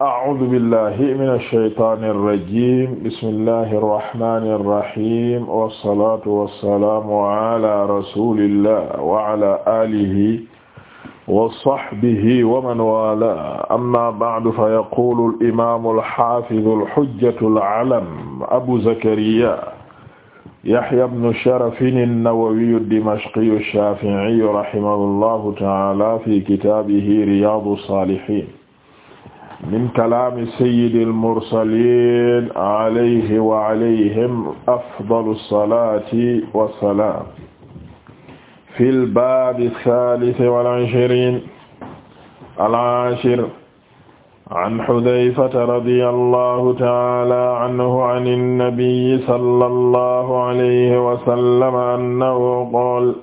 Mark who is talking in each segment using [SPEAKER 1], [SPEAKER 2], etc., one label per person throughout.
[SPEAKER 1] a'uudu billahi mina shaytaani rajiim bismillahi rahmaani rahiim wasalaatu wasalaamu ala rasulillah wa ala aalihi wa sahbihi wa man waalaahu amma ba'du fa yaquulu al-imaamu al-haafidu al-hujjatu al-alam abu zakariyaa yahyaa ibnu sharafin an-nawawiyyu ad-dimashqiyyu ash-shaafi'iyyu rahimahu llahu ta'aalaa fi kitaabihi riyaadu s-saalihiin min kalaami sayyidil mursaliin alayhi wa alayhim afdalu salaati wa salaam. fil baabi saalis wal ishriin al aashir an Hudayfata radiyallahu ta'aala anhu anin nabiyyi sallallahu alayhi wa sallam annahu qaala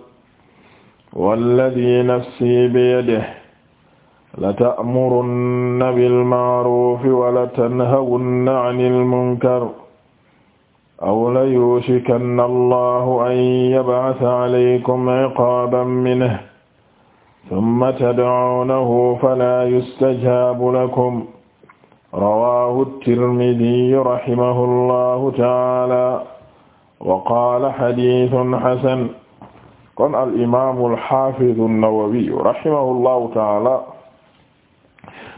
[SPEAKER 1] wallazii nafsii biyadihi لتأمرن بالمعروف ولتنهون عن المنكر أو ليوشكن الله أن يبعث عليكم عقابا منه ثم تدعونه فلا يستجاب لكم رواه الترمذي رحمه الله تعالى وقال حديث حسن قال الإمام الحافظ النووي رحمه الله تعالى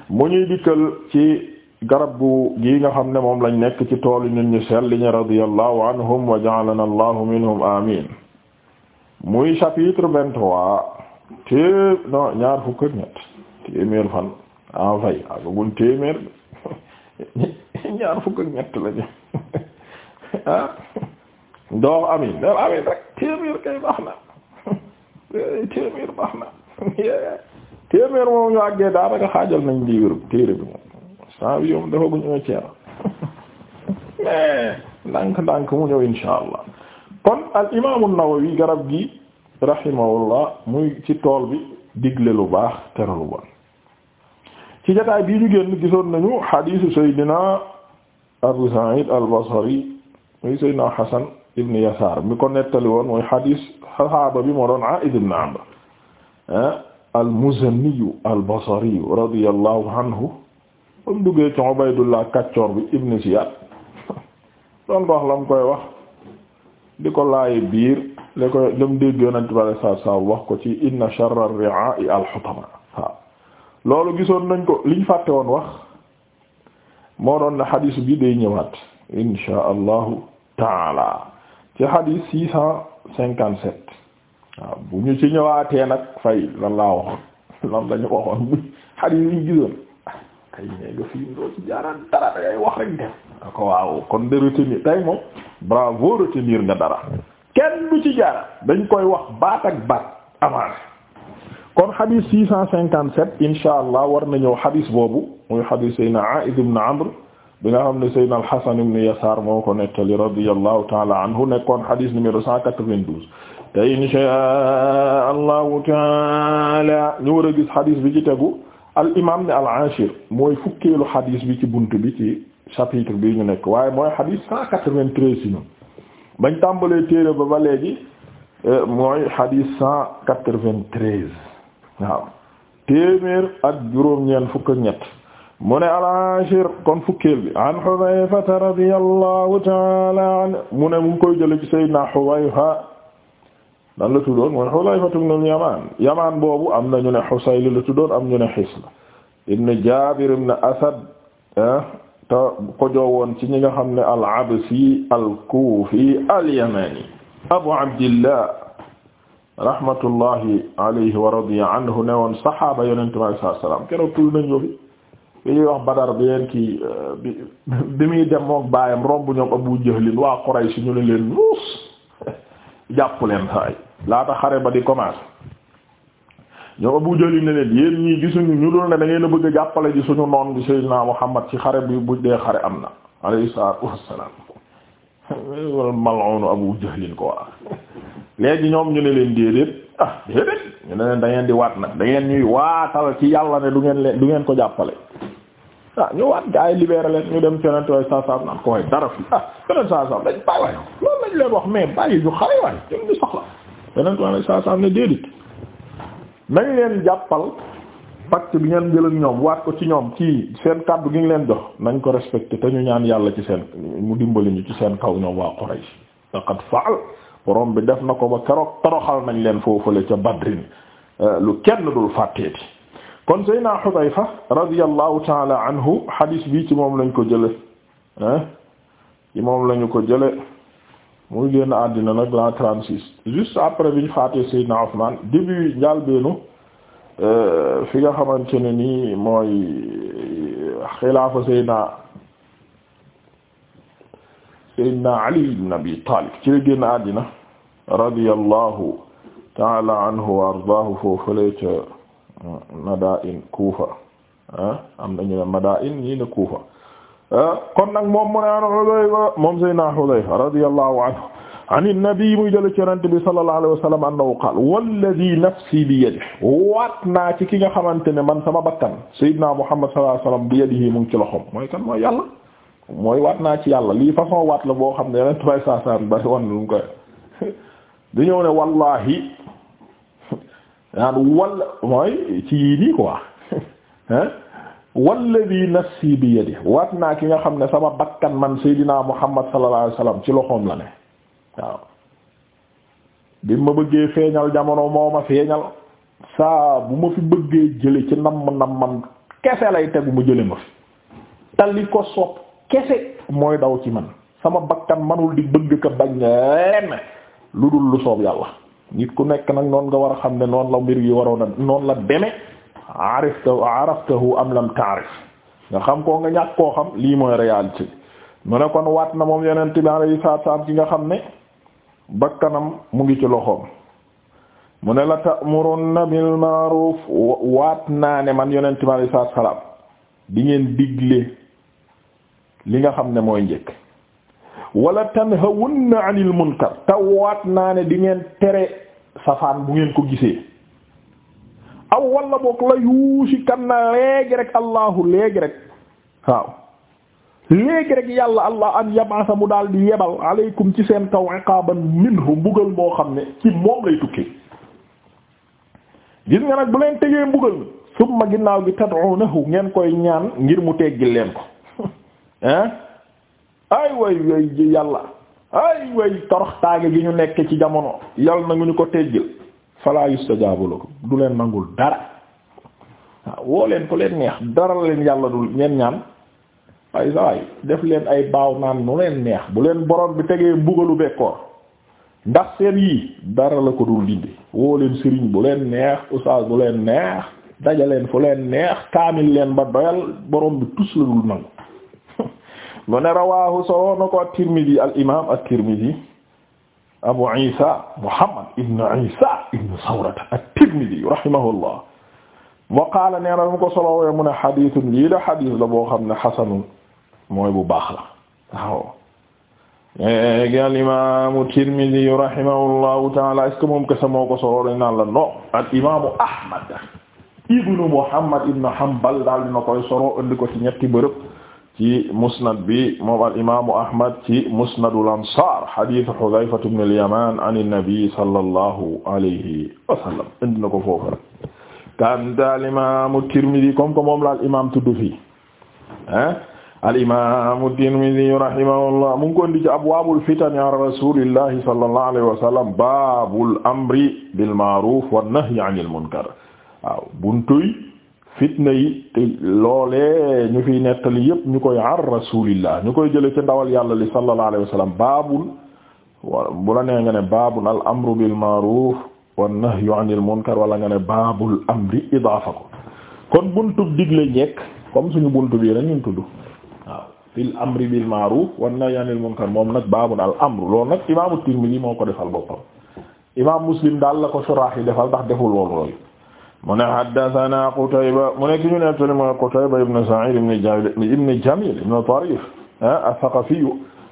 [SPEAKER 1] mu ñuy dikkal ci garab gu gi nga xam ne moom lañ nekk ci toolu nit ñu sell ñi radiyallahu anhum wa ja'alana allahu minhum amin muy chapitre vingt-trois té non ñaar fukk ñett téeméer fan en ah, fay akagul téeméer ñaar fukk ñett lañu ah, doox amin amin rek téeméer kay baax na téeméer baax na téeméer moom ñu àggee daanaka xaajal nañ livre téere bi moom saa bi dafa guñu ceer eh, mais ndànk ndànk mu ñëw insha allah kon al imaamu Nawawi garab gi rahimahullah muy ci tool bi digle lu baax tere lu bon ci jotaay bii ñu génn gisoon nañu xadiisu Seydina Abu Sa'id al-Basri muy Seydina Hasan ibn Yasaar mi ko nettali woon mooy xadiis saxaaba bi moo doon Aa'id ibn Amr ah. al-Muzaniyu al-Basriyu radiyallahu anhu ba duggee ci Ubaydullah kàccoor bi Ibn Ziyad doon ko wax la mu koy wax di ko laaye biir li koy li mu dégg Yonent bi wax ko ci inna sharra ar-ri'aa'i al-hutama loolu gisoon nañ ko liñ fàtte woon wax moo doon ne xadiis bi day ñëwaat insha allahu taala ci xadiis waaw bu ñu ci ñëwaatee nag fay lan waxoon lan la ñu waxoon bu xarit yi ñu gisoon kay neega fii doo ci jaaraan dara dangay wax rek dem ko waaw kon de retenir tey moom bravo retenir nga dara kenn du ci dañ koy wax baat ak baat avancé kon xadiis six cent cinquante sept insha allah war na ñëw xadiis boobu muy xadiis Seydina Aïd ibn Amr bi nga xam ne Seydina al-Hasan ibn Yasaar moo ko nettali radiyallahu ta'ala anhu nekkoon hadith numéro 192 te inshaa Allahu ta'ala ñu war a gis hadith bi ci tegu al imam ne al-ashir mooy fukkeelu hadith bi ci bunt bi ci chapitre bi ñu nekk waaye mooy hadith 193 si ñun bañ tàmbalee téere ba ba léegi e, mooy hadith 193 waaw téeméer ak juróom-ñeent fukk ñett. mu ne al-ashir kon fukkeel bi an Hudhayfata radiyallahu ta'ala anhu mu ne mu ngi koy jële ci Sayyidina Hudhayfa nan la tuddoon mooy Hudhayfatu ibn al-Yaman Yaman boobu am na ñu ne Husayl la tuddoon am ñu ne Hisl ibn Jabir ibn Asad ah, te ko joowoon ci ñi nga xam ne al-Absi al-Kufi al-Yamani Abu Abdillah rahmatullahi alayhi wa radiya anhu ne woon saxaaba Yonent bi sallallahu alayhi wa sallam keroog tudd nañu fi li ñuy wax Badar bi leen kii euh, bi bi muy dem mook baayam romb ñoom Abu Jahlin waa Quraysh ñu ne leen muus jàpp leen saay laata xare ba di commencer ñoom Abu Jahlin ne leen yéen ñii gisuñu ñu doon ne da ngeen a bëgg jàppale ji suñu noon bi Sayyidina Muhammad ci xare bi bu dee xare am na alayhi salaatu wassalaam wal mal'un Abu Jahlin ko waa léegi ñoom ñu ne leen déedéet ah déedéet ñu ne leen da ngeen di waat nag da ngeen ñuy waatal ci yàlla ne du ngeen leen du ngeen ko jàppale ah ñu waat gaa yi libéré ñu dem feneen waay saa saaf naan ko waay dara fi ah feneen saa saaf wax mais bàyyi ñu xare waay ñun ñu saa saaf ne déedéet nañ leen jàppal pacte bi ngeen jël ak ñoom waat ko ci ñoom ci seen kàddu gi ngi leen jox nañ ko respecté te ñu ñaan yàlla ci seen mu dimbali ñu ci seen kaw ñoom waa Quraysh laqad fa'al borom bi def na ko ba keroog toroxal nañ leen foofule ca badrin euh, lu kenn dul fàtteeti kon Seydina Hudayfa radiyallahu taala anhu hadis bi ci moom lañ ko jële ci moom lañu ko jële muy génn àddina nag la 36 juste après bi ñu faatee Seydina Ousmane début njàlbeenu euh, fi nga xamante ne nii mooy euh, xilaafa Seydina Seydina Ali ibn Abi Talib ci la génn àddina radiyallahu ta'ala anhu wa ardaahu foofale ca Madain Kufa ah am nañu ne Madain ñii ne Kufa ah, kon nag moom mu ne an Hudayfa moom Seydina Hudayfa radiyallahu anhu an an-nabi muy jële ci Yonent bi sallallahu alayhi wa sallam annahu qaala walladhi nafsi bi yadihi waat naa ci ki nga xamante ne man sama bakkan Seydina Muhammad sallallahu alayhi wa sallam bi yadihi mu ngi ci loxoom mooy kan mooy Yàlla mooy waat naa ci yàlla lii façon waat la boo xam ne yeneen tubaab saa saa bari woon lu mu koy du ñëw ne wallahi naan mooy ci yii nii quoi hein walladi nafsi bi waat naa ki nga xam ne sama bakkan man seydinaa muhammad sallallahu alayhi wasallam ci loxoom la ne jamono moo ma feeñal saa bu ma fi bëggee jële ci nam nam man kese lay tegu mu jële ma fi tali ko sopp kese mooy daw ci man sama bakkan manul di bëgg ka bañ lenn lu dul lu soob yàlla nit ku nekk nag noon nga war a xam ne noonu la mbir yi waroon a noon la deme ariftahu araftahu am lam taarif nga xam koo nga ñàkk koo xam lii mooy réalité mu ne kon waat na moom yeneen bi alayhi salaam ci nga xam ne bakkanam mu ngi ci loxoom mu ne la ta'murunna bil ma'ruf waat naa ne man yonent bi alayhi salaam di ngeen digle li nga xam ne mooy njëkk wala tanhawunna anil munkar te naa ne di ngeen tere safaan bu ngeen ko gisee aw wala boog la yuusi kan na léegi rek allahu léegi rek waaw léegi rek yàlla allah an yabasa mu daal di yebal aleykum ci seen kaw iqaban minhu mbugal moo xam ne ci moom lay tukkee gis nga nag bu leen tegee mbugal mi summa ginnaaw gi tad'unahu ngeen koy ñaan ngir mu teggi leen ko ah ay way way yàlla ay way torox gi ñu nekk ci jamono yàlla nangu ñu ko tejjil fala yustajabu lakum du leen nangul dara waaw woo leen ko neex dara leen yàlla ngeen ñaan waaye sawaay def leen ay baaw naan nu leen neex bu leen borom bi tegee mbugalu bekkoor ndax seen yii dara la ko du dindi woo leen sëriñ bu leen neex oustaz bu leen neex dajaleen fu leen neex kaamil leen ba doyal boroom bi tus la dul nangu mu ne rawaahu solo na ko at-Tirmidhi al imaam at-Tirmidhi Abu Isa Muhammad ibn Isa ibn Sawrata at-Tirmidhi rahimahullah wa qaala nee na mu ko solo mu ne xadiisun lii la xadiis la boo xam ne xasanun mooy bu baax la waaw. léegi al imaamu Tirmidhi rahimahullahu ta'ala est-ce que moom kese moo ko solo dañu naan la non al imaamu Ahmad ibn Muhammad ibn Hanbal daal dina koy solo indi ko ci ñetti bërëb. ci musnad bi moom al imaamu Ahmad ci musnadul ansaar hadith Hudhayfa ibn al-Yaman an an-nabi sallallahu alayhi wa sallam indi na ko foofu rek. Kanta al imaamu Tirmidhi comme que moom la al imaam tudd fii ah al imaamu Tirmidhi rahimahullah mu ngi ko indi ci abwaabul fitan ya rasulillahi sallallahu alayhi wa sallam baabul amri bil ma'ruf wan nahyi anil munkar waaw buntuy. fitna yi te loolee ñu fiy nettali yépp ñu koy ar rasulillah ñu koy jële ci ndawal yàlla li sallallahu alayhi wa baabul bu la nee nga ne baabul al amru bil ma'ruf wan nahyu anil munkar wala nga ne baabul amri idaafa ko kon buntub digle ñekk comme suñu bunt bii rek ñu tudd waaw fil amri bil ma'ruf wan nahyu anil munkar moom nag baabul al amru loolu nag imaamu Tirmidhi moo ko defal boppam imaam Muslim daal la ko suraax yi defal ndax deful loolu loolu mu ne haddathana Qutayba mu ne ki ñu nettali mooy Qutayba ibn Sa'id ibn Jamil ibn Tarif ath-Thaqafi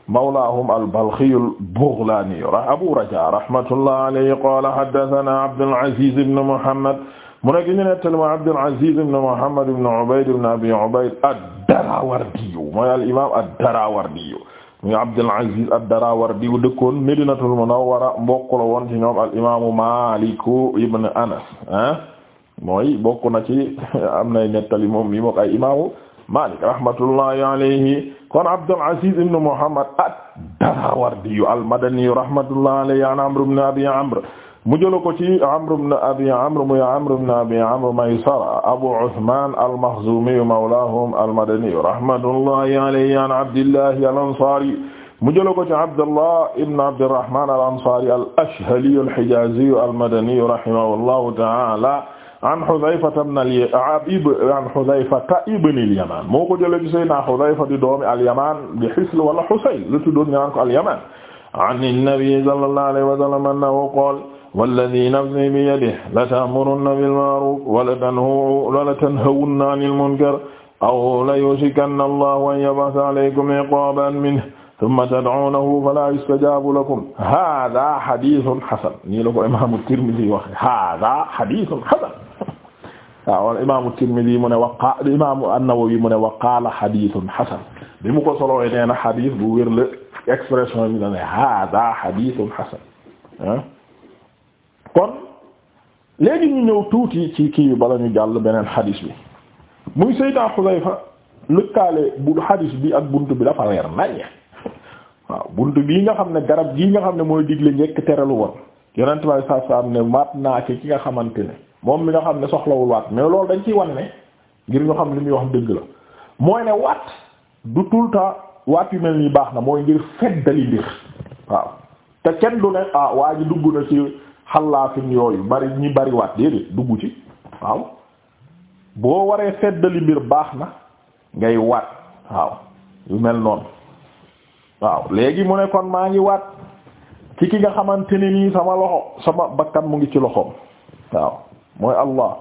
[SPEAKER 1] mawlahum al-Balkhi al-Baghlani Abu Raja rahmatullah alayhi qala haddathana Abdul Aziz ibn Muhammad mu ne ki ñu nettali mooy Abdul Aziz ibn Muhammad ibn Ubayd ibn Abi Ubayd ad-Darawardi mooy al-imam ad-Darawardi muy Abdul Aziz ad-Darawardi dëkkoon Madinatul Munawwara mbokk la woon ci ñoom al-imam Malik ibn Anas ah. mooy bokk na ci am nay nettali moom mi mook ay imaamu Malik rahmatullahi alayhi kon Abdul Aziz ibn Muhammad ad-Darawardi al-Madani rahmatullahi alayhi an Amr ibn Abi Amr mu jël ko ci Amr ibn Abi Amr muy Amr ibn Abi Amr Maysara Abu Uthman al-Makhzumi mawlahum al-Madani rahmatullahi alayhi an Abdillah al-Ansari mu jël ko ci Abdullah ibn Abdirrahman al-Ansari al-Ashhali al-Hijazi al-Madani rahimahullahu ta'ala an Hudhayfata ibn an Hudhayfata ibn al-Yaman moo ko jëlee ci Seydina Hudhayfa di doomi al-Yaman di Hisl wala Husayl lu tuddoon ñu naan ko al-Yaman an an-nabi sallallahu alayhi wa sallam annahu qaala walladhi nafsi biyadihi lata'murunna bil ma'ruf wa latanhawunna 'anil munkar aw layusikanna Allahu an yab'atha 'alaykum 'iqaaban minhu thumma tad'uunahu falaa yustajaabu lakum haadha hadithun hasan nii la ko imaamu Tirmidhi waxe haadha hadithun hasan waaw imaamu Tirmidi mu ne waqa imaamu An-Nawawi mu ne waqaala xadiisun xasan bi mu ko solowee nee na xadis bu wér la expression bi na ne hada xadiisun xasan ah kon léegi tuuti ci kii bi ñu jàll beneen xadis bi muy Sayyida Xudayfa lëkkaale bu xadis bi ak bunt bi dafa leer naññe waaw bunt bii nga xam ne garab gii nga xam ne mooy digle njekk teralu woon yonent bi sallallahu alayhi ne maat naa ci ki nga xamante ne moom mi nga xam ne soxlawul waat mais loolu dañ ciy wan ne ngir ñu xam li muy wax dëgg la mooy ne waat du tout le waat yu mel ni baax na mooy ngir feddali mbir du ne ah waa ji dugg na ci xalaafin yooyu bari ñi bari waat déedéet dugg ci waaw boo waree feddali mbir baax na ngay waat waaw yu mel noonu waaw léegi mu ne kon maa ngi waat ci ki nga xamante ne nii sama loxo sama bakkan mu ngi ci loxoom waaw mooy allah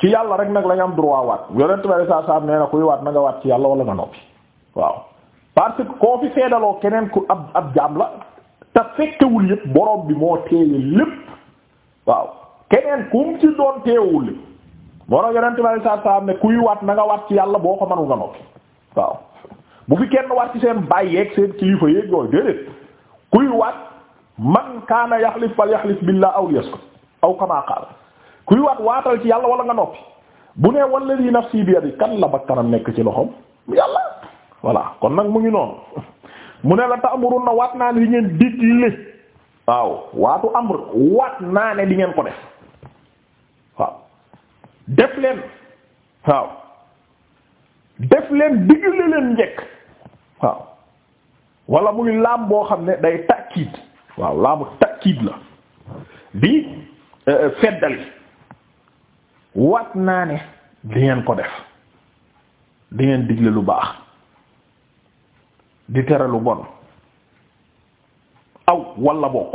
[SPEAKER 1] ci yàlla rek nag la am droit waat yonent bi saa saa nee na kuy waat nanga waat ci yàlla wala nga noppi waaw parce que koo fi seedaloo keneen ku ab ab jaam la te fekkewul yëpp borom bi moo teeye lépp waaw keneen kum ci doon teewul li moo tax yonent bi saa saa ne kuy waat na waat ci yàlla boo ko mënul nga noppi waaw bu fi kenn waat ci seen bàyyi yeeg seen kilifa yeeg yooyu déedéet kuy waat man kaana yaxlif fal yaxlif billah kuy waat waatal ci yàlla wala nga noppi bu nee walladi nafsi bi yadi kan la bakkanam nekk ci loxoom yàlla voilà kon nag mu ngi noonu mu ne la ta'muruna waat naa ne di ngeen digle waaw waatu amr waat naa ne di ngeen ko def waaw def leen waaw def leen digle leen njekk waaw wala muy laam boo xam ne day takkid waaw laamu takkid la di euh, feddali waat naa ne di ngeen ko def di ngeen digle lu baax di tere lu bon aw walla bokk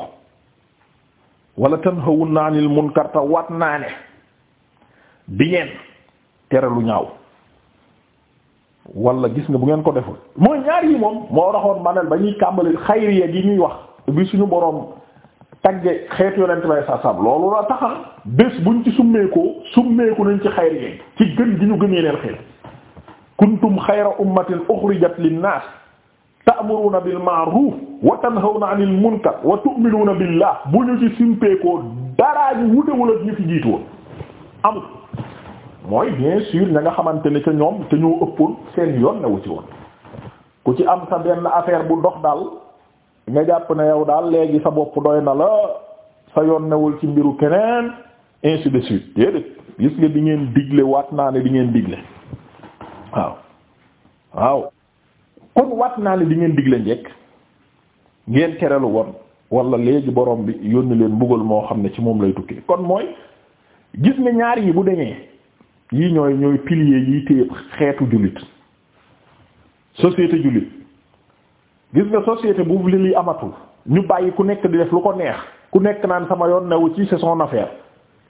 [SPEAKER 1] wala tanhawunna anil munkar te waat naa ne di ngeen tere lu ñaaw wala gis nga bu ngeen ko deful mooy ñaar yi moom moo taxoon manel ba ñuy kàmbali xayriya gi ñuy wax bi suñu boroom tagge xeet yonent bay sa sab loolu la taxax bés buñ ci summeekoo summeeku nañ ci xayri yéen ci gën gi ñu gën yeneen xeet kuntum xayra ummatin uxrijat linnaas ta'muruna bil ma'ruf wa tanhawna 'anil munkar wa tu'minuna billah bu ñu ci simpeekoo daraa ñu wutewul ak ñu fi jiitu woon amul mooy bien sûr na nga xamante ne ca ñoom te ñoo ëppoon seen yoon newu ci woon ku ci am sa benn affaire bu dox daal nga jàpp na yow daal léegi sa bopp doy na la sa yoon newul ci mbiru keneen ainsi de suite déedéet gis nga di ngeen digle waat naa ne di ngeen digle waaw waaw kon waat naa ne di ngeen digle njekk ngeen terelu woon wala léegi boroom bi yónni leen mbugal moo xam ne ci moom lay tukki kon mooy gis nga ñaar yi bu deñee yi ñooy ñooy piliers yi téye xeetu jullit société jullit gis nga société bu li li amatul ñu bàyyi ku nekk di def lu ko neex ku nekk naan sama yoon newu ci c'est son affaire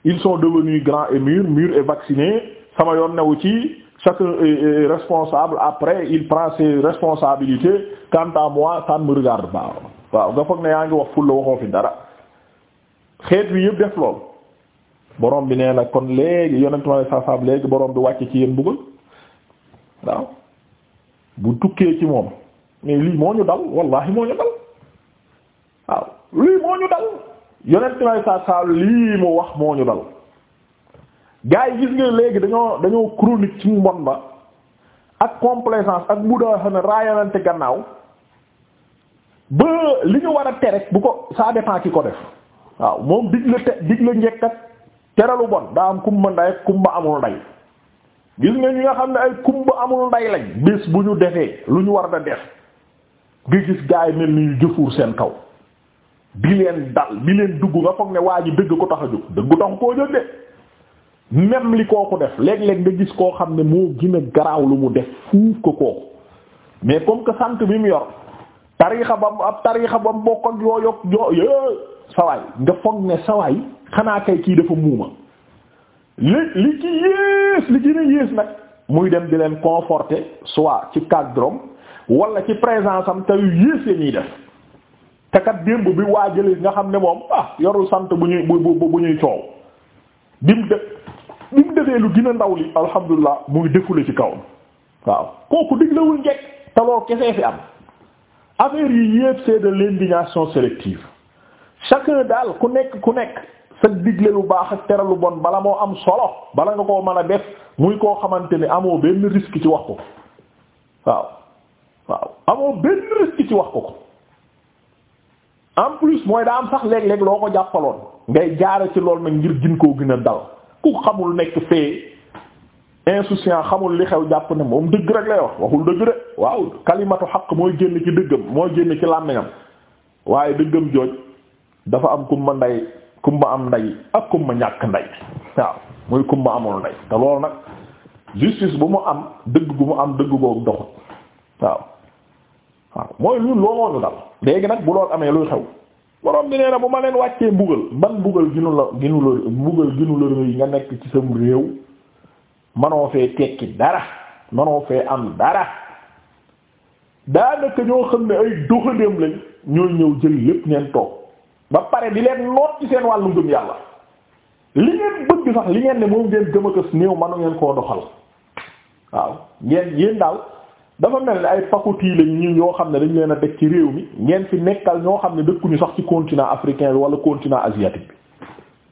[SPEAKER 1] ils sont devenus grands et mûrs mûrs et vaccinés sama yoon newu ci chacun est responsable après il prend ses responsabilités quant à moi ça ne me regarde waaw nga foog ne yaa ngi wax ful la waxoo fi dara xeet wi yëpp def lool borom bi nee na kon léegi yonentuwaayu saasaam léegi borom bi wàcc ci yéen bëggal waaw bu tukkee ci moom mais lii moo ñu dal wallahi moo ñu dal waaw lii moo ñu dal yonent may saa saa lii mu wax moo ñu dal gars yi gis nga léegi dañoo dañoo chronique ci bon ba ak complaisance ak bu daa xam gannaaw ba li ñu war a tere bu ko ça dépend ki ko def waaw moom digle te digle njekk ak teralu bon daa am kumba nday ak kumba amul nday gis nga ñi nga xam ne ay kumba amul nday lañ bés bu ñu defee lu ñu war a def nga gis gaay mel ni ñu jëfuur seen kaw bi leen dal bi leen dugg nga foog ne waa ji dëgg ko tax a jóg dëggu tax koo jóg de même li kooku def léeg-léeg nga gis koo xam ne moo gën a garaaw lu mu def fuuf ko kooku mais comme que sant bi mu yor tariixa ba mu ab tariixa ba mu bokk ak yoo yokk yoo yoo sawaay nga foog ne sawaay xanaa kay kii dafa muuma li li ci yées li gën a yées nag muy dem di leen conforter soit ci cadre wala ci présence am te yu yées ñuy def te kat démb bi waa jëlee nga xam ne moom ah yorul sant bu ñuy bu bu bu ñuy coow bim def bim defee lu gën a ndaw li alhamdulilah mu ngi defule ci kawam waaw kooku diglewul njekk te loolu kese fi am affaire yi yépp c'est de l'indignation sélective chacun daal ku nekk ku nekk sa digle lu baax ak tere lu bon bala moo am solo bala nga koo man a def muy koo xamante ni amoo benn risque ci wax ko waaw. waaw amoo benn risque ci wax ko ko en plus mooy daa am sax léeg-léeg loo ko jàppaloon ngay jaare ci lool nag ngir gin koo gën a dal ku xamul nekk fee insouciant xamul li xew jàpp ne moom dëgg rek lay wax waxul dëgg de waaw kalimatu xaq mooy génn ci dëggam mooy génn ci làmmiñam waaye dëggam jooj dafa am kumba ndey kumba am ndey ak kumba ñàkk ndey waaw muy kumba amul ndey te loolu nag justice bu mu am dëgg gu mu am dëgg googu doxut waaw waaw mooy lu looloo ñu dal léegi nag bu lool amee luy xew borom bi nee na bu ma leen wàccee mbugal ban mbugal ginu la ginu la mbugal ginu la rëy nga nekk ci sam réew manoo fee tekki dara manoo fee am dara daanaka ñoo xam ne ay doxandéem lañ ñooy ñëw jël lépp ngeen toog ba pare di leen noot ci seen wàllu gëm yàlla li ngeen bëgg sax li ngeen ne moom ngeen gëm a néew manu ngeen koo doxal waaw ngeen yéen daal dafa mel ni ay faculté lañ ñu yoo xam ne dañu leen a teg ci réew mi ngeen fi nekkal ñoo xam ne dëkkuñu sax ci continent africain bi wala continent asiatique bi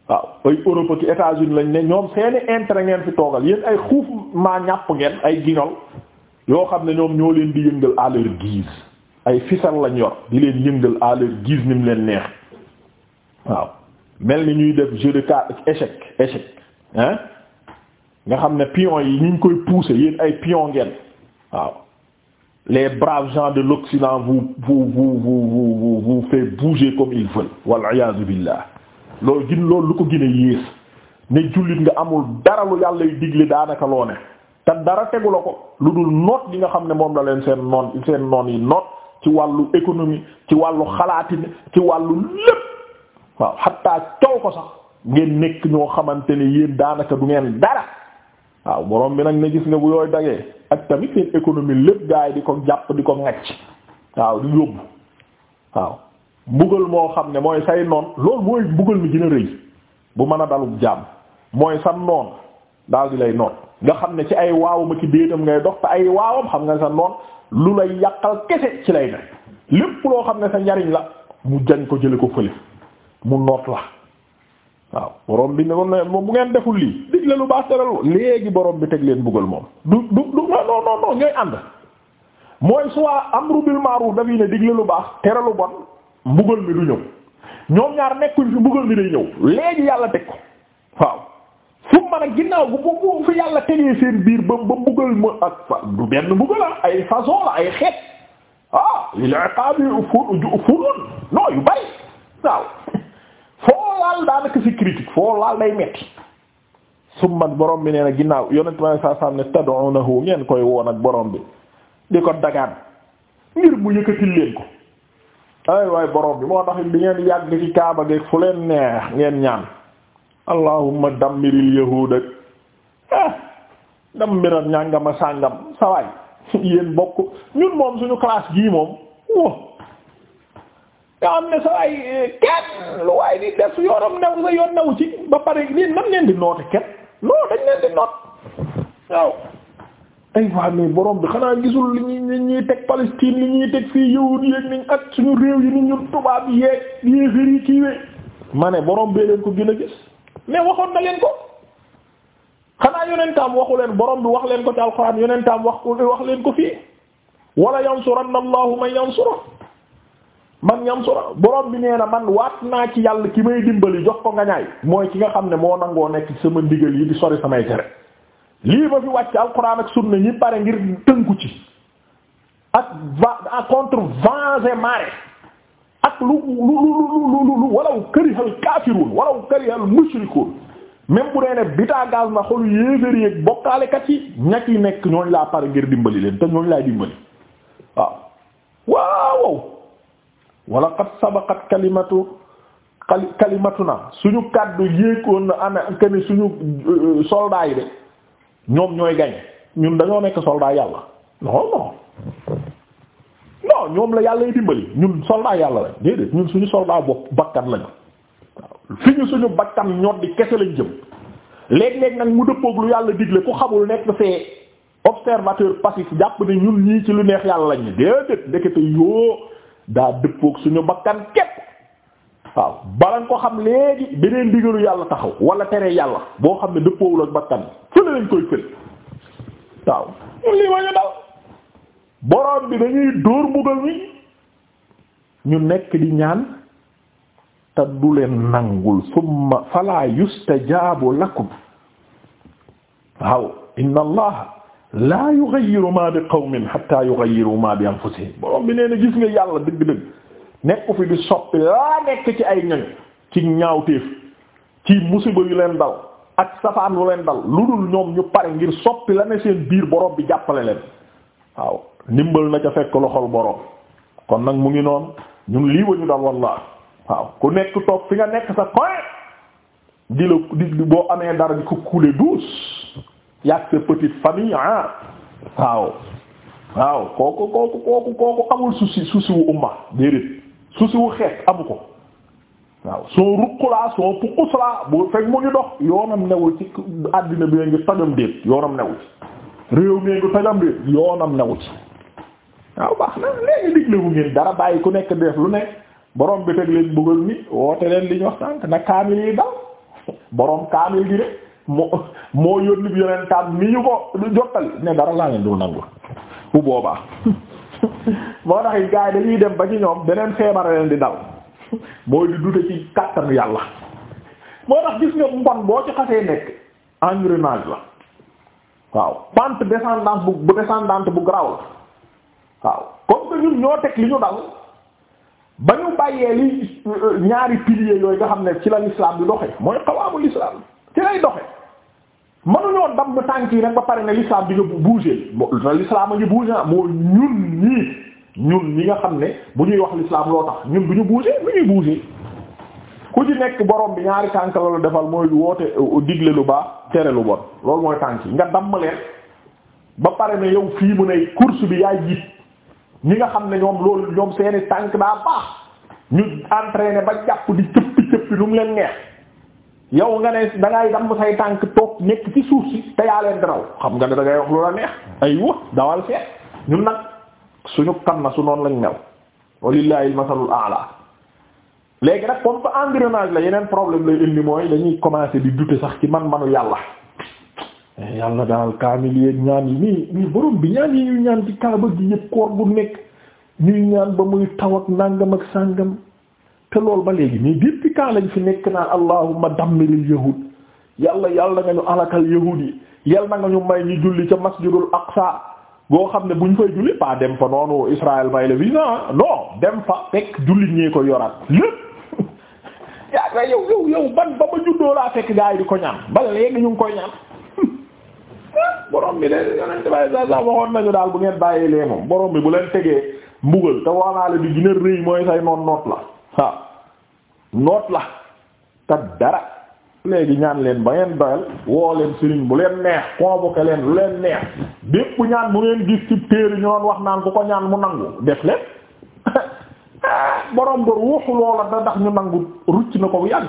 [SPEAKER 1] waaw ay Europe ci États-Unis lañ ne ñoom seeni intre ngeen fi toogal yéen ay xuuf maa ñàpp ngeen ay guignol yoo xam ne ñoom ñoo leen di yëngal à leur guise ay fisal lañ yor di leen yëngal à leur guise ni leen neex waaw mel ni ñuy def jeu de cartes échec échec hein nga xam ne pion yi ñu ngi koy ay pion ngeen les braves gens de l'Occident vous vous vous vous vous vous fait bouger comme ils veulent wal iyaazu billah loolu gin loolu lu ko gën a yées ne jullit nga amul dara lu yàlla yu digle daanaka loo ne te dara tegu la ko lu dul noot li nga xam ne moom la leen seen noon seen noon yi noot ci wàllu économie ci wàllu xalaatin ci wàllu lépp waaw xattaa coow ko sax ngeen nekk ñoo xamante ne yéen daanaka du ngeen dara waaw borom bi nag ne gis nga bu yooy dagee ak tamit seen économie lépp gaay di ko jàpp di ko ngacc waaw di yóbbu waaw mbugal moo xam ne mooy say noon loolu mooy mbugal mi gën rëy bu mën a dalub jaam mooy sa noon daal di lay noon nga xam ne ci ay waawam ak déetam ngay dox te ay waawam xam nga sa noon lu lay yàqal kese ci lay ne lépp loo xam ne sa njariñ la mu jañ ko jële ko fële mu noot la waaw borom bi ne moom ne bu ngeen deful lii dig la lu baax teral léegi borom bi teg leen buggal moom du du du non non non ñooy ànd mooy soit amru bil ma'ruf lu baax teralu bon mbugal mi du ñoom ñaar nekkuñ fi mbugal mi day ñëw léegi yàlla teg ko waaw fu mu a ginnaaw bu bu yàlla tegee biir ba ba mbugal ma ak du benn mbugal ah ay façon la ay xeet ah lil iqabi furun non yu bari waaw laal daanaka si critique foo laal day metti summa borom bi nee na ginnaaw yonent ma ne saa saam ne tad'unahu ngeen koy woon ak borom bi di ko dagaan ngir mu yëkkatil leen ko ay waay borom bi moo tax bi ngeen yàgg ci kaaba geek fu leen neex ngeen ñaan allahumma dammiril yahuud ak ah dammiral ñàngama sàngam sawaay yéen bokk ñun moom suñu classe gii moom wo te am ne sa ay eh, kenn lu waaye di def yoonam new sa yoon new ci ba pare lii nan leen di noote kenn non dañ leen di noot waaw ay waa mais borom bi xanaa gisul li ñuy li ñuy teg Palestine li ñuy teg fii yëwut yéeg niñ ak suñu réew yi ni ñu tubaab yeeg yéeféer yi kiiwee ma ne borom bee leen ko gën a gis mais waxoon na leen ko xanaa yonentaam waxu leen borom bi wax leen ko ci alxuraan yonentaam wax ko wax leen ko fii wala yansuranna allahu man yansuru man ñam sura borom bi nee na man waat naa ci yàlla ki may dimbali jox ko nga ñaay mooy ki nga xam ne moo nangoo nekk sama ndigal yi di sori samay tere lii ma fi wàcc alxuraan ak sunna ñi pare ngir tënku ci ak va contre vents et marées ak lu lu lu lu lu walaw karihal kaafiruun walaw karihal mushrikuun même bu dee ne bitaa gaz na xolu yéeféer yi ak bokkaalekat yi ñakk nekk ñooñ laa pare ngir dimbali leen te ñooñ laay dimbali waaw waaw wala qad sabaqat kalimatu kalimatuna suñu kàddu yéegoon na ana que ni suñu euh, soldats yi de ñoom ñooy gañ ñun dañoo nekk soldat yàlla non non non ñoom la yàlla yi dimbali ñun soldat yàlla lañ déedéet ñun suñu bakkan lañu waaw ñu suñu bakkan ñor di kese lañ jëm léeg-léeg nag mu dëppoog lu yàlla digle ku xamul nekk fee observateur passif jàpp ne ñun ñii ci lu neex yàlla lañ déedéet ndekete yoo. daa dëppook suñu bakkan képp waaw bala nga ko xam léegi beneen digalu yàlla taxaw wala tere yàlla boo xam ne dëppoowul ak bakkan fële lañ koy fël waaw lii ma ñu dal boroom bi dañuy dóor mbugal mi ñu nekk di ñaan te du leen nangul summa fala yustajabu lakum waaw inna laa yughayyiru ma bi qawmin hatta yughayyiru ma bi anfusihim borom bi nee na gis nga yàlla dëgg-dëgg nekku fi di soppi laa nekk ci ay ñoñ ci ñaawteef ci musiba yu leen dal ak safaan lu leen dal lu dul ñoom ñu pare ngir soppi la ne seen biir borom bi jàppale leen waaw ndimbal na ca fekk loxol borom kon nag mu ngi noon ñun lii ñu dal wallah waaw ku nekk toog fi nga nekk sa koy di la di boo amee dara di ko couler douce yàgg sa petite famille ah waaw waaw kooku kooku kooku kooku amul souci souci wu umma déedéet souci wu xeet amu ko waaw soo ruqulaa soo puquslaa bu fekk mu ngi dox yoonam newul ci àddina bi ngi tojam déet yoonam newul ci réew mi ngi waaw baax na léegi diglewu ngeen dara bàyyi ku nekk def lu nekk borom bi teg leen bëggal nit woote leen li ñu wax sànk na kaamil yi dal borom kaamil gi de moo moo yónni bi yonentam mi ñu ko jottali ne dara laa ngeen dul nangu bu boobaa moo tax yi gars yi dañuy dem ba ci ñoom beneen feebar leen di dal mooy di dute ci kàttanu yàlla moo tax gis nga mbon boo ci xasee nekk engrenage la waaw pente descendante bu bu descendante bu garaaw la waaw comme que ñun ñoo teg li ñu dal ba ñu bàyyee li ñaari piliers yooyu nga xam ne ci la l'islam bi doxe mooy xawaamu l'islam ci lay doxe mënuñoo damm tànk yi nag ba pare ne l'islam di nga bougé lislaam a ngi bougé ah, moo ñun ñii ñun ñi nga xam ne bu ñuy wax l'islam loo tax ñun bu ñu bougé bu ñuy bougé ku ci nekk borom bi ñaari tànk la la defal mooy woote euh, digle lu baax tere lu bon loolu mooy tànk yi nga damm leen ba pare na yow fii mu ne course bi yaay jiit ñi nga xam ne ñoom loolu ñoom seeni tànk daa baax ñu entraîné ba jàpp di cëppi cëppi lu mu leen neex. yow nga ne da ngay damm say tànk toog nekk ci suuf si te yaa leen xam nga ne dangay ngay wax lu la neex ay wa dawal seet ñun nag suñu kan na su noonu lañ mel walillahi almasalul a'la léegi nag comme que engrenage la yeneen problème lay indi mooy dañuy commencer di douter sax ci man-manu yàlla eh, yàlla daal kaamil yeeg ñaan yi nii nii bi ñaan yi ñuy ñaan ci kaaba gi yëpp koor bu nekk ñuy ñaan ba muy taw ak nàngam ak sàngam te loolu ba léegi nii depuis quand lañ fi nekk naa allahumma dammiril yahud yàlla yàlla nga ñu alakal yahud yi yàlla na nga ñu may ñu julli ca masjidul aqsa boo xam ne bu ñu fay julli pas dem fa noonu Israël may le visa non dem fa fekk jullit ñee ko yoraat lépp yaa nga yow yow yow ban ba ma juddoo laa fekk gaa yi di ko ñaan ba léegi ñu ngi koy ñaan borom bi de yonente bàyyi sa sa waxoon nañu daal bu ngeen bàyyi lee moom borom bi bu leen tegee mbugal te waanaale bi gën a la waaw noot la tat dara léegi ñaan leen ba ngeen doyal woo leen sëriñ bu leen neex convoqué leen lu leen neex bépp ñaan mu ngeen gis ci téere ñu wax naan ku ko ñaan mu nangu def leen borom ba ruuxu ndax ñu nangu rucc na ko bu yàgg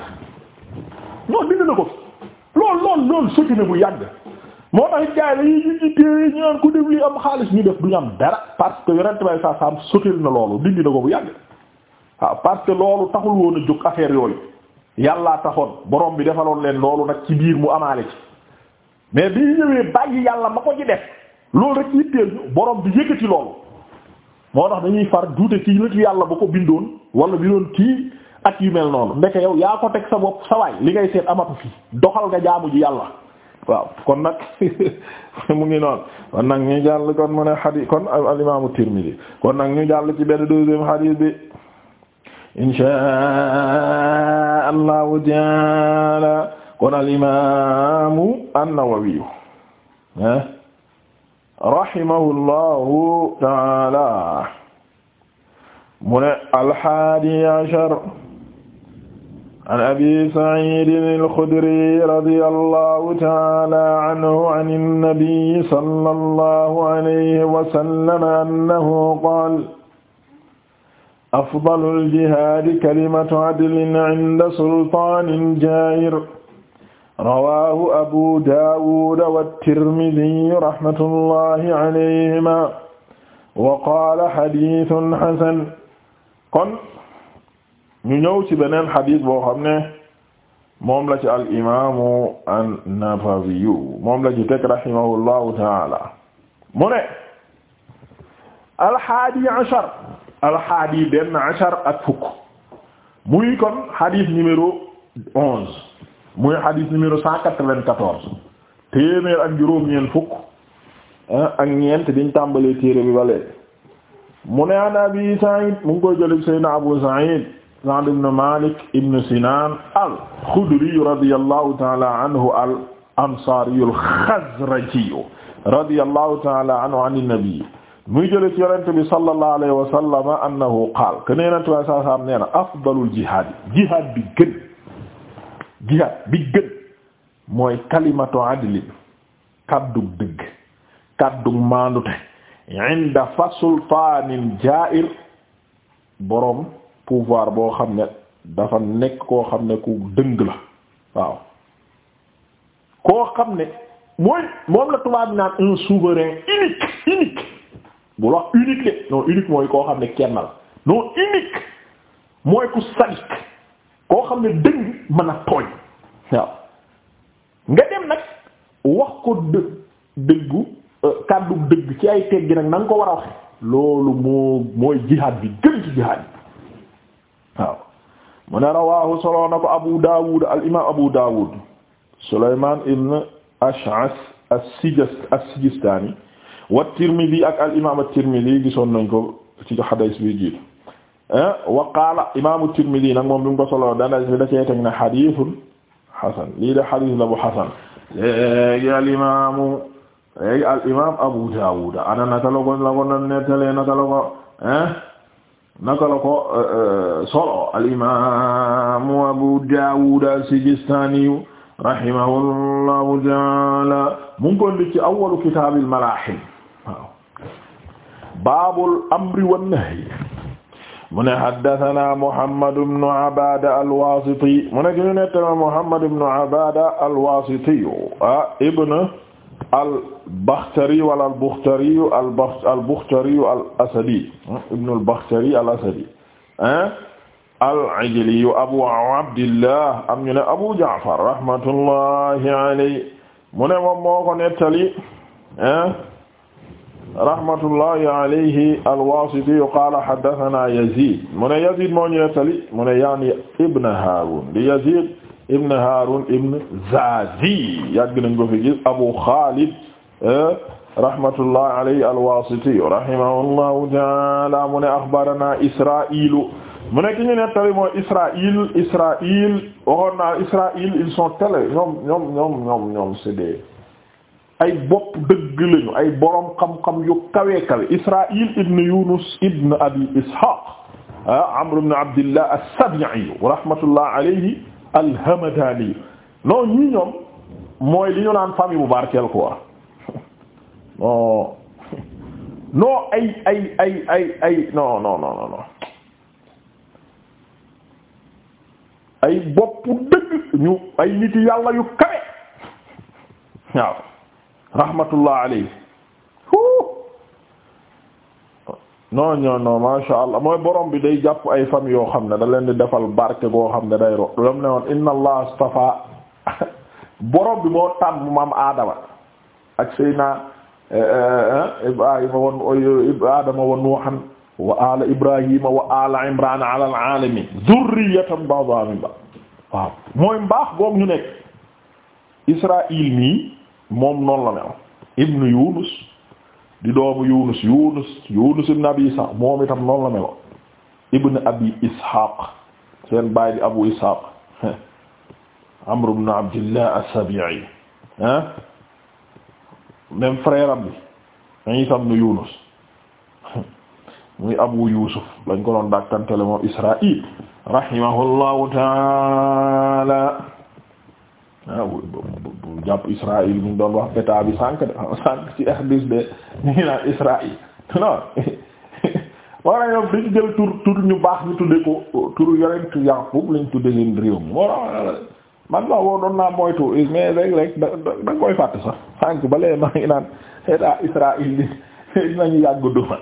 [SPEAKER 1] ñoon dindi na ko lool lool bu yàgg moo tax jaay la yi ñu ci téere ñu def li am xaalis ñu def du ñu am dara parce que yonent bay sa sam sotil na loolu dindi na ko bu yàgg waaw parce que loolu taxul woon a jóg affaire yooyu yàllaa taxoon boroom bi defaloon leen loolu nag ci biir mu amaale ci mais bi ñëwee bàyyi yàlla ma ko ci def loolu rek yitteel ñu bi yëkkati loolu moo tax dañuy far duute ci nitu yàlla ba ko bindoon wala bi doon kii ak yu mel noonu ndeke yow yaa ko teg sa bopp sa waay li ngay seet amatu fi doxal nga jaamu ji yàlla waaw kon nag mu ngi noonu kon nag ñu jàll kon mu ne xadis kon al imaamu Tirmidhi kon nag ñu jàll ci inshaa allahu taala kon al imaamu an-Nawawi rahimahullahu taala mu ne al-haadi ashar an abi Sa'iid al-Xudri radiyallahu taala anhu an an-nabi sallallahu alayhi wa sallam annahu qaala afdalul jihaadi kalimatu adlin inda sultaanin jaa'ir rawaahu abu daawud wa tirmidii rahmatullahi alayhimaa wa qaala hadiisun hasan kon ñu ñëw ci beneen xadis boo xam ne moom la ci al imaamu an-Nawawiyu moom la ci teg rahimahullahu taala mu ne al haadi ashar alxaadi benn ashar ak fukk muy kon xadis numéro onze muy xadis numéro cent quatre quatorze téeméer ak juróom-ñeent fukk ah, ak ñeent biñ tàmbalee téere bi balee mu ne an abi Sa'id mu ngi koy jële Seydina Abu Sa'id Sa'd ibn Malik ibn Sinan al-Khudri radiyallahu ta'ala anhu al-Ansari al-Khazraji radiyallahu ta'ala anhu an an-nabi muy jële ci yonente bi sallallahu wa sallama saa saam nee na jihaad jihaad bi gën jihaad bi gën mooy kalimatu adlin kàddu dëgg kàddu maandute xam nekk koo waaw koo xam ne moom la tubaab naan un souverain unique unique bu wax unique de non unique mooy koo xam ne kenn la non unique mooy ku sadiq koo xam ne dëng mën a tooñ waaw nga dem nag wax ko dë dëggu euh, kàddu dëgg ci ay teggi nag na nga ko war a waxe loolu moo mooy jihaad bi gën ci jihaad bi waaw mu ne rawaahu soloo ko abu daawud al imam abu daawud sulayman ibn ash'as as-sijistani wa Tirmidhi ak al imaam at-Tirmidhi gisoon nañ ko ci xadis bi jiitu eh, wa qaala imaamu Tirmidhi nag moom bi mu solo dana da cee teg ne xadiisun xasan lii de xadis la bu xasan léegi al imaamu Abu Dawud ana naka la ko la ko nettalee naka la ko eh, naka eh, solo al imaamu Abu Dawud as-Sijistaani rahimahullahu ta'aala mu ngi ko ci awwalu kitaabil malaahim baabul amri wan nahyi mu ne haddathana Muhammad ibn Abada al-Wasiti mu ne ki ñu nettama Muhammad ibn Abada al-Wasiti ah ibn al-Bakhtari wala al-Bakhtari al-Bakhtari al-Asadi hmm, ibn al-Bakhtari al-Asadi al-Ijli Abu Abdillah am ñu ne Abu Ja'far rahmatullahi alayhi mu ne moom moo ko nettali rahmatullahi alayhi al-Wasiti qala haddathana Yazid mu ne Yazid moo ñu nettali mu ne yaani Ibn Harun di Yazid Ibn Harun Ibn Zazi yàgg nañ ko fi gis Abu Khalid eh, rahmatullahi alayhi al-Wasiti rahimahullahu ta'ala mu ne akhbarana Israa'ilu mu ne ki ñu nettali mooy Israa'il Israa'il waxoon naa Israa'il ils sont télé ñoom ñoom ñoom ñoom ñoom c'est des ay bopp dëgg lañu ay borom xam-xam yu kawe kawe Israa'il ibn Yunus ibn Abi Ishaq ah Amr ibn Abdillah as-Sabi'i rahmatullah alayhi al-Hamadani non ñii ñoom mooy li ñu naan famille bu barkeel quoi non non ay ay ay ay ay non non non non ay bopp dëgg ñu ay nit yàlla yu kawe waaw. rahmatullah alayhi non non non masha allah mooy borom bi day jàpp ay fam yoo xam ne da leen di defal barke goo xam ne day ro dam ne woon inna astafa borom bi moo tànn maam aadama ak seyna eh, eh, eh, adama wa nuuhan wa ala ibrahima wa ala imran ala alamin zurriyatan ba'dha min ba'd mooy mbaax goog ñu nekk mi moom noonu la mel ibnu yunus di doomu yunus yunus yunus ibn abi ishaq moom itam noonu la melo ibn abi ishaq seen baay abu ishaq amr ibn abdillah as-sabi'i hein même frère bi isa ibn yunus muy abu yusuf lañ ko doon dàkkantele moom israil rahimahullahu taala ah bu bu doon wax état bi sànq de sànq ci hadiis de ñu ngi naan Israël non war na tur ñu baax ñu tudde ko tur yonent Yaqub lañ tudde leen man la woo doon naa moytu mais rek rek ngi naan état Israël bi nañu yàgg duma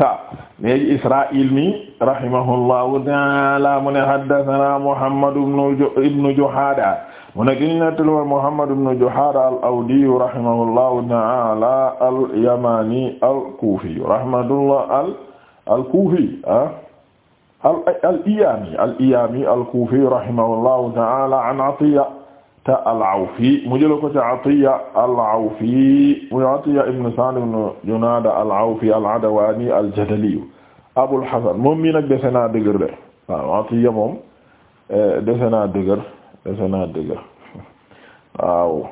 [SPEAKER 1] waaw mi rahimahullahu ta'ala ne haddathana Muhammad ibnu Juhaada mu ne ki ñu nettali mooy Muhammad ibn Juhaada al-Awdi rahimahullahu ta'ala al-Yamani al-Kufi rahimahullah al al-Kufi ah al al-Iyami al-Iyami al-Kufi rahimahullahu ta'ala an Atiya ta al-Awfi mu jël ko ci Atiya al-Awfi mu Atiya ibn Sa'd ibn Junaada al-Awfi al-Adawani al-Jadali Abul Hasan moom mii nag dese naa dëgër de waaw Atiya moom eh, dese naa dëgër. dese naa dëgg waaw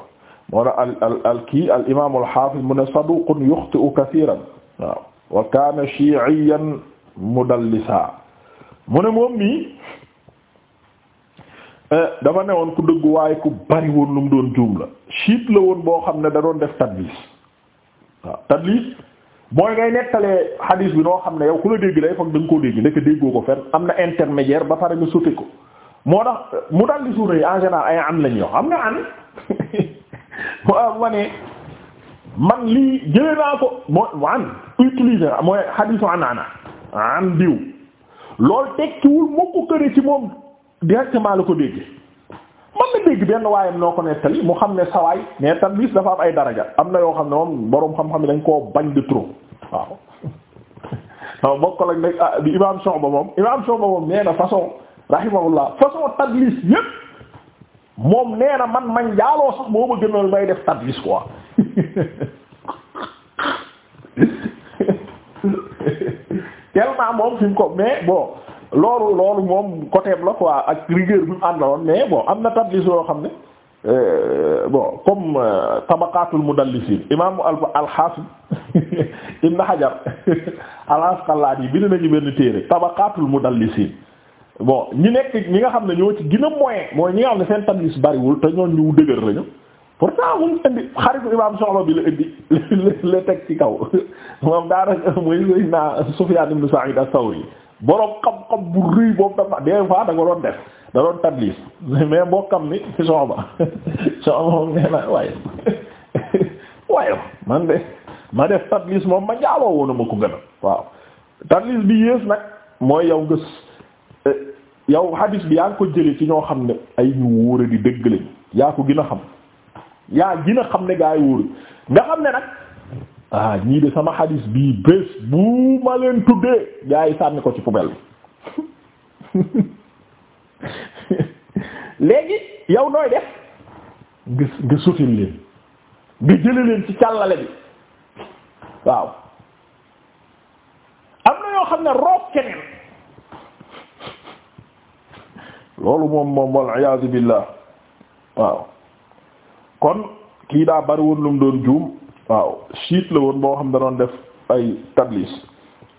[SPEAKER 1] moo na al al al kii al imaam al haafiz mu ne saduqun yuxti'u kasiiran waaw wa kaana shiiyan mudallisa mu ne moom nii eh, dafa ne woon ku dëggu waaye ku bari woon lu mu doon juum la siit la woon boo xam ne da doon def tadlis waaw tadlis mooy ngay nettalee hadis bi noo xam ne yow ku la dégg day foog da nga koo dégg ndekk déggoo ko fenn am na intermédiaire ba pare nga sote ko moo tax mu dal di suuna yi en général ay an lañuy wax xam nga an waaw ma ne man lii jëlee naa ko moo an utiliser mooy xadiisu anaana an diw loolu tekkiwul moo ko këre ci moom directement la ko dégg man na dégg benn waayam noo ko nettali mu xam ne sawaay mais tadlis dafa am ay daraja am na yoo xam ne moom boroom xam-xam yi dañ koo bañ de trop waaw bokk lañ nag ah bi imam Shu'ba moom imam Shu'ba moom nee façon rahimahullah façon tadlis yépp moom nee na man man njaaloo sax moo ma gënal may def tadlis quoi tellement moom fi ko mais bon loolu loolu moom côté la quoi ak rigueur bi mu àndaloon mais bon am na tadlis yoo xam ne euh, bon comme mu euh, mudallisiin imaamu al al-Hafiz Ibn Hajar al-Asqalani bind nañu benn téere tabaqatul mudallisiin bon ñi nekk ñi nga xam ne ñoo ci gën a mooy ñi nga xam ne seen tadlis bariwul te ñoon ñu dëgër lañu pourtant mu indi xaritu imam Soxla bi la indi la teg ci kaw moom daanaka muy Seydina Sufyaan ibn Sa'iid as-Sawri borom xam-xam bu rëy boobu dafa des def da doon mais boo xam ni ci Soxla Soxla moom nee na waaye waaye man de ma def tadlis moom ma jaaloo woonu ma ko gën a waaw tadlis bi yées nag mooy yow gës Eh, yow hadis bi yaa ngi ko jëlee ci ñoo xam ne ay ñu wóor di dëgg lañ yaa ko gin a xam yaa gën a xam ne gaa yi wóor nga xam ne nag ah, ñii de sama hadis bii bés bu ma leen tuddee gaa yi sànni ko ci poubelle bi léegi yow nooy def nga nga sotil leen nga jëlee leen ci càllale bi waaw am na yoo xam ne roog keneen. loolu moom moom wal iyaadu billah waaw kon kii daa bari woon lu mu doon juum waaw siit la woon boo xam da doon def ay tadlis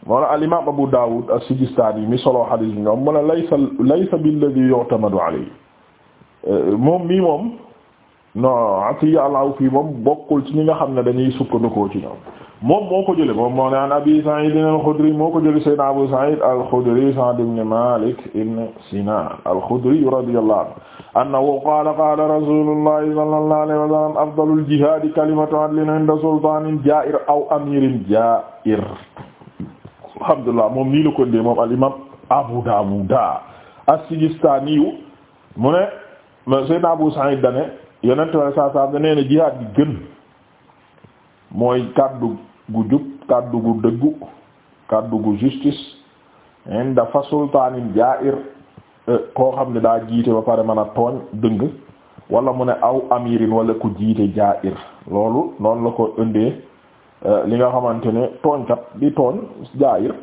[SPEAKER 1] moo al imaam Abu Daawud as-Sijistaani mi solo xadiis bi ñoom mu ne laysa laysa billadhi yu'tamadu eh, moom mii moom non Atiyya al-Awfi moom bokkul ci ñi nga xam ne dañuy sukkandikoo ci ñoom moom moo ko jëlee moom moo ne Abi Sa'id ko jëlee Sayyidina Abu Sa'id al-Khudri Sa'd ibn Malik ibn Sinan al-Khudri radiyallahu anhu annahu qala qala rasulullahi sallallahu alayhi wa sallam afdalul jihadi kalimatu adlin moom nii la ko ndee al-imam Abu Dawud as-Sijistani mu ne Sayyidina Abu Sa'id dane yonent waaye saa saa nee na jihaad gi gën mooy kàddu gu jub kàddu gu dëggu kàddu gu justice inda fa sultaanin jaa'ir eh, koo xam ne daa jiite ba pare mën a tooñ dëng wala mu ne aw amirin wala ku jiite jaa'ir loolu noonu la ko indee eh, li nga xamante ne tooñkat di tooñ jaa'ir